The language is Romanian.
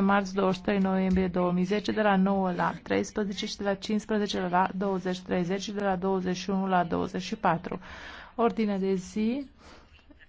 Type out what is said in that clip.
bine marți 23 noiembrie 2010 de la 9 la 13 și de la 15 la 20 și de la 21 la 24. Ordine de zi